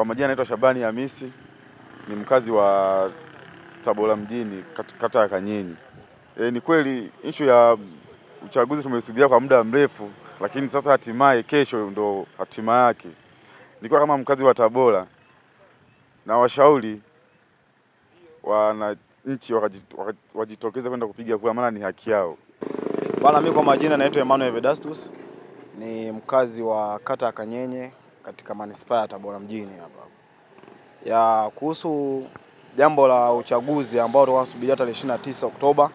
Kwa majina naitwa Shabani Hamisi, ni mkazi wa Tabora mjini, kata ya kanyenye E, ni kweli issue ya uchaguzi tumeisubiria kwa muda mrefu, lakini sasa hatimaye kesho ndo hatima yake. Nikiwa kama mkazi wa Tabora na washauri wananchi wajitokeze kwenda kupiga kura, maana ni haki yao. Bwana, mimi kwa majina naitwa Emmanuel Vedastus, ni mkazi wa kata ya Kanyenye katika manispaa ya Tabora mjini hapa. Ya kuhusu jambo la uchaguzi ambao tunasubiria tarehe 29 Oktoba,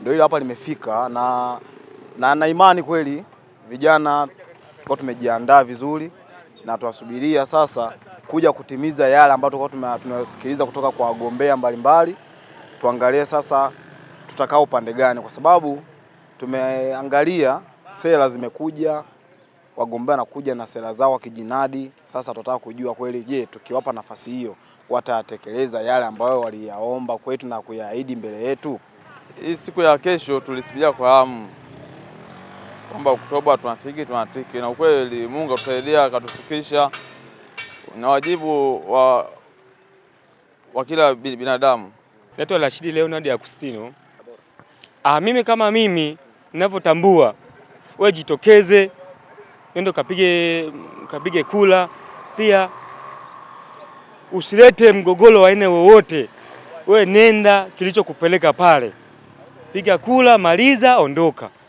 ndio hilo hapa limefika, na na na imani kweli vijana tulikuwa tumejiandaa vizuri na tunasubiria sasa kuja kutimiza yale ambayo tulikuwa tunasikiliza kutoka kwa wagombea mbalimbali. Tuangalie sasa tutakaa upande gani, kwa sababu tumeangalia sera zimekuja wagombea wanakuja na sera zao wakijinadi. Sasa tunataka kujua kweli, je, tukiwapa nafasi hiyo watatekeleza yale ambayo waliyaomba kwetu na kuyaahidi mbele yetu? Hii siku ya kesho tulisubiria kwa hamu kwamba Oktoba tunatiki tunatiki, na ukweli Mungu atusaidia akatufikisha, na wajibu wa, wa kila binadamu. Naitwa Rashidi Leonard Agustino. Ah, mimi kama mimi ninavyotambua, wejitokeze jitokeze nenda kapige, kapige kula. Pia usilete mgogoro wa aina wowote, we nenda kilichokupeleka pale, piga kula, maliza, ondoka.